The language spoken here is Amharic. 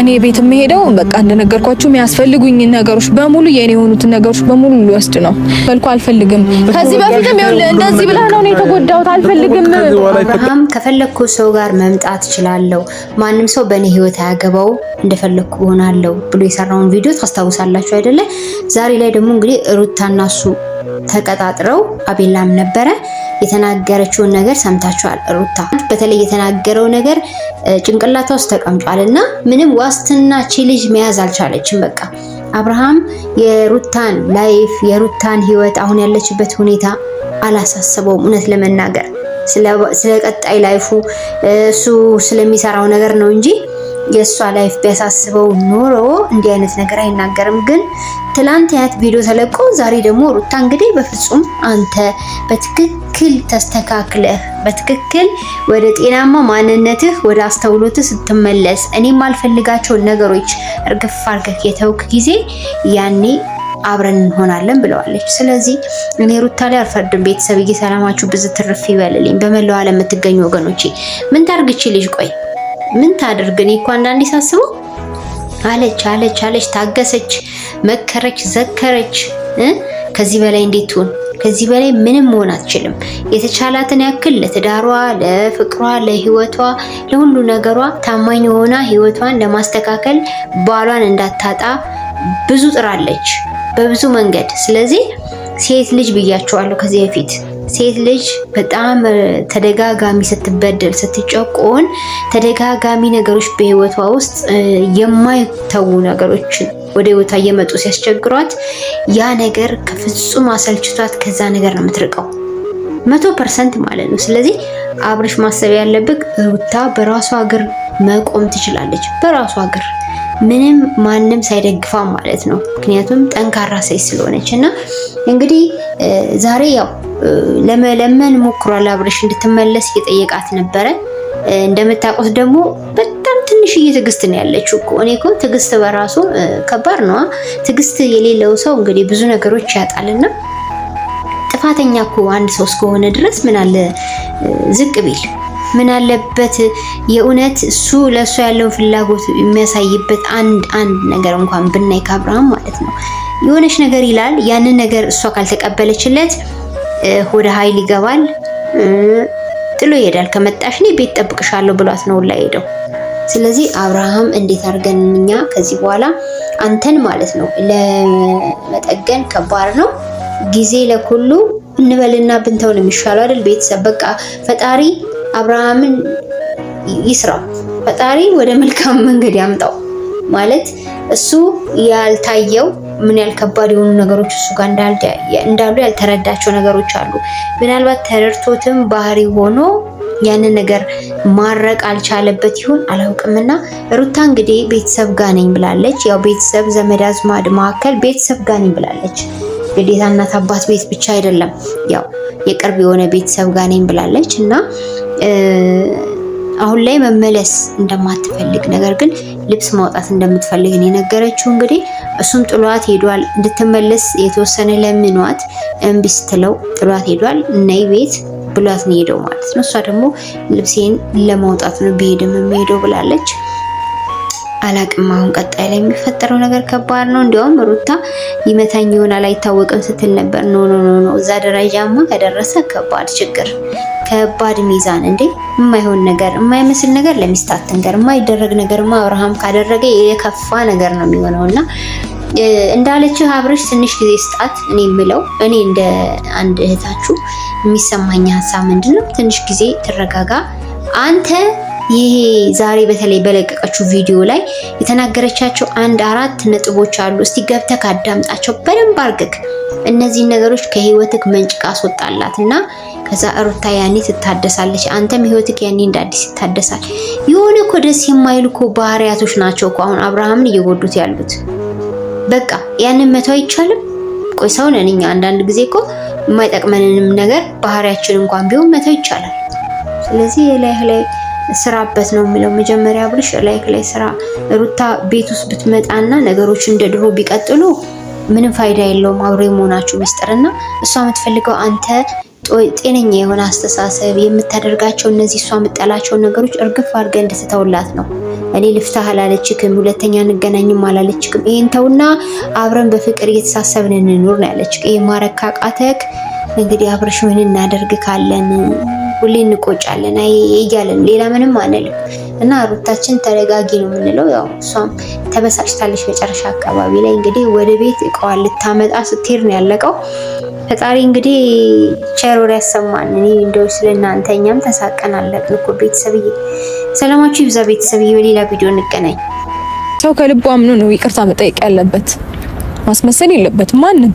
እኔ ቤት የምሄደው በቃ እንደነገርኳችሁ የሚያስፈልጉኝ ነገሮች በሙሉ የኔ የሆኑትን ነገሮች በሙሉ ልወስድ ነው። መልኩ አልፈልግም። ከዚህ በፊትም እንደዚህ ብላ ነው የተጎዳሁት። አልፈልግም። አብርሃም ከፈለግኩ ሰው ጋር መምጣት እችላለሁ፣ ማንም ሰው በእኔ ህይወት አያገባው፣ እንደፈለግኩ ሆናለሁ ብሎ የሰራውን ቪዲዮ ታስታውሳላችሁ አይደለ? ዛሬ ላይ ደግሞ እንግዲህ ሩታና እሱ ተቀጣጥረው አቤላም ነበረ የተናገረችውን ነገር ሰምታችኋል። ሩታ በተለይ የተናገረው ነገር ጭንቅላቷ ውስጥ ተቀምጧል እና ምንም ዋስትና ቺ ልጅ መያዝ አልቻለችም። በቃ አብርሃም የሩታን ላይፍ የሩታን ህይወት አሁን ያለችበት ሁኔታ አላሳሰበውም እውነት ለመናገር ስለ ቀጣይ ላይፉ እሱ ስለሚሰራው ነገር ነው እንጂ የእሷ ላይፍ ቢያሳስበው ኖሮ እንዲህ አይነት ነገር አይናገርም። ግን ትላንት ያት ቪዲዮ ተለቆ ዛሬ ደግሞ ሩታ እንግዲህ በፍጹም አንተ በትክክል ተስተካክለህ በትክክል ወደ ጤናማ ማንነትህ ወደ አስተውሎትህ ስትመለስ እኔ ማልፈልጋቸውን ነገሮች እርግፍ አርገህ የተውክ ጊዜ ያኔ አብረን እንሆናለን ብለዋለች። ስለዚህ እኔ ሩታ ላይ አልፈርድም። ቤተሰብ እየሰላማችሁ ብዙ ትርፍ ይበልልኝ። በመላው ዓለም የምትገኙ ወገኖቼ ምን ታርግች ልጅ ቆይ ምን ታደርግ? እኔ እኮ አንዳንዴ ሳስበው አለች አለች አለች፣ ታገሰች፣ መከረች፣ ዘከረች። ከዚህ በላይ እንዴት ትሆን? ከዚህ በላይ ምንም መሆን አትችልም። የተቻላትን ያክል ለትዳሯ፣ ለፍቅሯ፣ ለህይወቷ፣ ለሁሉ ነገሯ ታማኝ ሆና ህይወቷን ለማስተካከል ባሏን እንዳታጣ ብዙ ጥራለች በብዙ መንገድ። ስለዚህ ሴት ልጅ ብያቸዋለሁ ከዚህ በፊት ሴት ልጅ በጣም ተደጋጋሚ ስትበደል፣ ስትጨቆን ተደጋጋሚ ነገሮች በህይወቷ ውስጥ የማይተዉ ነገሮችን ወደ ህይወቷ እየመጡ ሲያስቸግሯት ያ ነገር ከፍጹም አሰልችቷት ከዛ ነገር ነው የምትርቀው መቶ ፐርሰንት ማለት ነው። ስለዚህ አብርሽ ማሰብ ያለብህ ሩታ በራሷ እግር መቆም ትችላለች፣ በራሷ እግር ምንም ማንም ሳይደግፋ ማለት ነው። ምክንያቱም ጠንካራ ሴት ስለሆነች እና እንግዲህ ዛሬ ያው ለመለመን ሞክሯል። አብርሽ እንድትመለስ እየጠየቃት ነበረ። እንደምታውቁት ደግሞ በጣም ትንሽዬ ትዕግስት ነው ያለችው እኮ። እኔ እኮ ትዕግስት በራሱ ከባድ ነዋ። ትዕግስት የሌለው ሰው እንግዲህ ብዙ ነገሮች ያጣልና ጥፋተኛ እኮ አንድ ሰው እስከሆነ ድረስ ምን አለ ዝቅ ቢል ምን አለበት የእውነት እሱ ለእሱ ያለውን ፍላጎት የሚያሳይበት አንድ አንድ ነገር እንኳን ብናይ ከአብርሃም ማለት ነው የሆነች ነገር ይላል። ያንን ነገር እሷ ካልተቀበለችለት ወደ ኃይል ይገባል ጥሎ ይሄዳል። ከመጣሽ እኔ ቤት ጠብቅሻለሁ ብሏት ነው ላይ ሄደው። ስለዚህ አብርሃም እንዴት አድርገን እኛ ከዚህ በኋላ አንተን ማለት ነው ለመጠገን ከባድ ነው ጊዜ ለኩሉ እንበልና ነው የሚሻለው አይደል? ቤተሰብ በቃ ፈጣሪ አብርሃምን ይስራው፣ ፈጣሪ ወደ መልካም መንገድ ያምጣው ማለት እሱ ያልታየው ምን ያህል ከባድ የሆኑ ነገሮች እሱ ጋር እንዳሉ ያልተረዳቸው ነገሮች አሉ። ምናልባት ተረድቶትም ባህሪ ሆኖ ያንን ነገር ማረቅ አልቻለበት ይሁን አላውቅምና፣ ሩታ እንግዲህ ቤተሰብ ጋ ነኝ ብላለች። ያው ቤተሰብ ዘመድ አዝማድ መካከል ቤተሰብ ጋ ነኝ ብላለች። ግዴታ እናት አባት ቤት ብቻ አይደለም፣ ያው የቅርብ የሆነ ቤተሰብ ጋ ነኝ ብላለች እና አሁን ላይ መመለስ እንደማትፈልግ ነገር ግን ልብስ ማውጣት እንደምትፈልግ የነገረችው እንግዲህ እሱም ጥሏት ሄዷል። እንድትመለስ የተወሰነ ለምኗት እምቢ ስትለው ጥሏት ሄዷል። ነይ ቤት ብሏት ነው ሄደው ማለት ነው። እሷ ደግሞ ልብሴን ለማውጣት ነው ብሄድም የሚሄደው ብላለች። አላቅም። አሁን ቀጣይ ላይ የሚፈጠረው ነገር ከባድ ነው። እንዲያውም ሩታ ይመታኝ ይሆናል አይታወቅም ስትል ነበር። ኖ ኖ ኖ፣ እዛ ደረጃማ ከደረሰ ከባድ ችግር፣ ከባድ ሚዛን እንዴ! የማይሆን ነገር፣ የማይመስል ነገር ለሚስታት ነገር፣ የማይደረግ ነገርማ አብርሃም ካደረገ የከፋ ነገር ነው እና እንዳለችው አብረሽ ትንሽ ጊዜ ስጣት። እኔ የምለው እኔ እንደ አንድ እህታችሁ የሚሰማኝ ሀሳብ ምንድን ነው? ትንሽ ጊዜ ትረጋጋ አንተ ይሄ ዛሬ በተለይ በለቀቀችው ቪዲዮ ላይ የተናገረቻቸው አንድ አራት ነጥቦች አሉ። እስቲ ገብተህ ካዳምጣቸው በደንብ አርግክ። እነዚህን ነገሮች ከህይወትክ መንጭቃ አስወጣላት እና ከዛ ሩታ ያኔ ትታደሳለች፣ አንተም ህይወትክ ያኔ እንደ አዲስ ይታደሳል። የሆነ እኮ ደስ የማይሉ እኮ ባህሪያቶች ናቸው እኮ አሁን አብርሃምን እየጎዱት ያሉት። በቃ ያንን መተው አይቻልም። ቆይ ሰው ነን እኛ። አንዳንድ ጊዜ እኮ የማይጠቅመንንም ነገር ባህሪያችን እንኳን ቢሆን መተው ይቻላል። ስለዚህ ላይ ላይ ስራበት ነው የሚለው መጀመሪያ አብርሽ ላይክ ላይ ስራ። ሩታ ቤት ውስጥ ብትመጣና ነገሮች እንደ ድሮ ቢቀጥሉ ምንም ፋይዳ የለውም አብሮ የመሆናችሁ ሚስጥርና እሷ የምትፈልገው አንተ ጤነኛ የሆነ አስተሳሰብ የምታደርጋቸው እነዚህ እሷ የምጠላቸውን ነገሮች እርግፍ አድርገ እንድትተውላት ነው። እኔ ልፍታህ አላለችክም፣ ሁለተኛ እንገናኝም አላለችክም። ይሄን ተውና አብረን በፍቅር እየተሳሰብን እንኑር ነው ያለችክ። ይህ ማረግ ካቃተክ እንግዲህ አብረሽ ምን እናደርግ ካለን ሁሌ እንቆጫለን እያለን ሌላ ምንም አንልም እና ሩታችን ተረጋጊ ነው የምንለው። ያው እሷም ተበሳጭታለች መጨረሻ አካባቢ ላይ እንግዲህ ወደ ቤት እቃዋን ልታመጣ ስትሄድ ነው ያለቀው። ፈጣሪ እንግዲህ ቸሮር ያሰማን። እኔ እንደው ስለ እናንተ እኛም ተሳቀን አለቅን እኮ ቤተሰብዬ። ሰላማችሁ ይብዛ ቤተሰብዬ። በሌላ ቪዲዮ እንገናኝ። ሰው ከልቡ አምኖ ነው ይቅርታ መጠየቅ ያለበት፣ ማስመሰል የለበትም ማንም